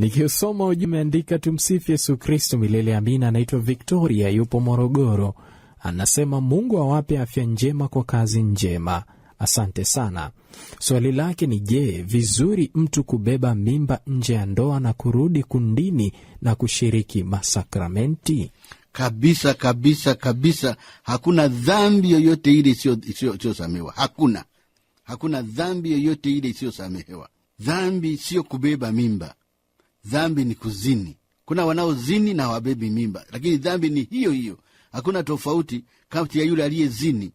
Nikiusoma ujumbe umeandika tumsifu Yesu Kristo milele amina. Anaitwa Victoria, yupo Morogoro, anasema Mungu awape afya njema kwa kazi njema. Asante sana. Swali lake ni je, vizuri mtu kubeba mimba nje ya ndoa na kurudi kundini na kushiriki masakramenti? Kabisa kabisa kabisa, hakuna dhambi yoyote ile isiyosamehewa. Hakuna, hakuna dhambi yoyote ile isiyosamehewa. Dhambi siyo kubeba mimba dhambi ni kuzini. Kuna wanaozini na hawabebi mimba, lakini dhambi ni hiyo hiyo. Hakuna tofauti kati ya yule aliyezini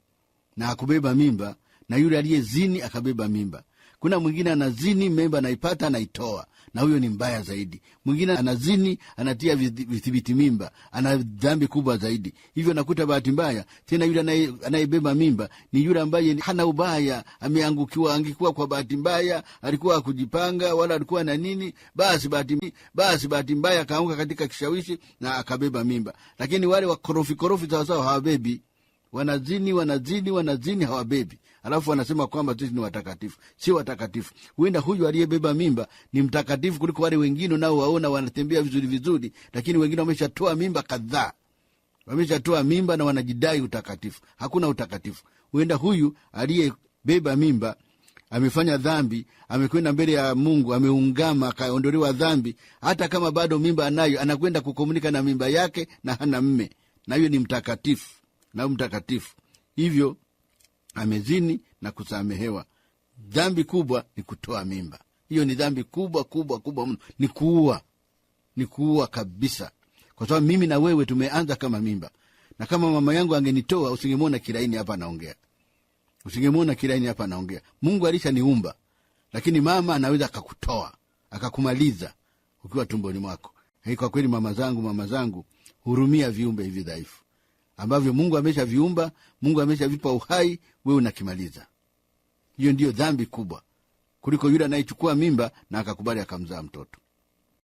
na akubeba mimba na yule aliyezini akabeba mimba. Kuna mwingine anazini, memba anaipata, anaitoa na huyo ni mbaya zaidi. Mwingine anazini, anatia vidhibiti mimba, ana dhambi kubwa zaidi. Hivyo nakuta bahati mbaya tena, yule anayebeba mimba ni yule ambaye hana ubaya, ameangukiwa angikuwa kwa bahati mbaya, alikuwa akujipanga wala alikuwa na nini, basi bahati basi bahati mbaya akaanguka katika kishawishi na akabeba mimba. Lakini wale wakorofi korofi sawasawa hawabebi, wanazini wanazini wanazini, hawabebi alafu anasema kwamba sisi ni watakatifu. Si watakatifu, huenda huyu aliyebeba mimba ni mtakatifu kuliko wale wengine unaowaona wanatembea vizuri vizuri, lakini wengine wameshatoa mimba kadhaa, wameshatoa mimba na wanajidai utakatifu. Hakuna utakatifu. Huenda huyu aliyebeba mimba amefanya dhambi, amekwenda mbele ya Mungu, ameungama, akaondolewa dhambi. Hata kama bado mimba anayo, anakwenda kukomunika na mimba yake, na hana mme, na hiyo ni mtakatifu, na mtakatifu hivyo amezini na kusamehewa. Dhambi kubwa ni kutoa mimba. Hiyo ni dhambi kubwa kubwa kubwa mno, ni kuua, ni kuua kabisa, kwa sababu mimi na wewe tumeanza kama mimba. Na kama mama yangu angenitoa, usingemwona kiraini hapa anaongea, usingemwona kiraini hapa anaongea. Mungu alishaniumba, lakini mama anaweza akakutoa akakumaliza ukiwa tumboni mwako. Hei, kwa kweli mama zangu, mama zangu, hurumia viumbe hivi dhaifu ambavyo Mungu ameshaviumba, Mungu ameshavipa uhai, wewe unakimaliza. Hiyo ndiyo dhambi kubwa kuliko yule anayechukua mimba na akakubali akamzaa mtoto.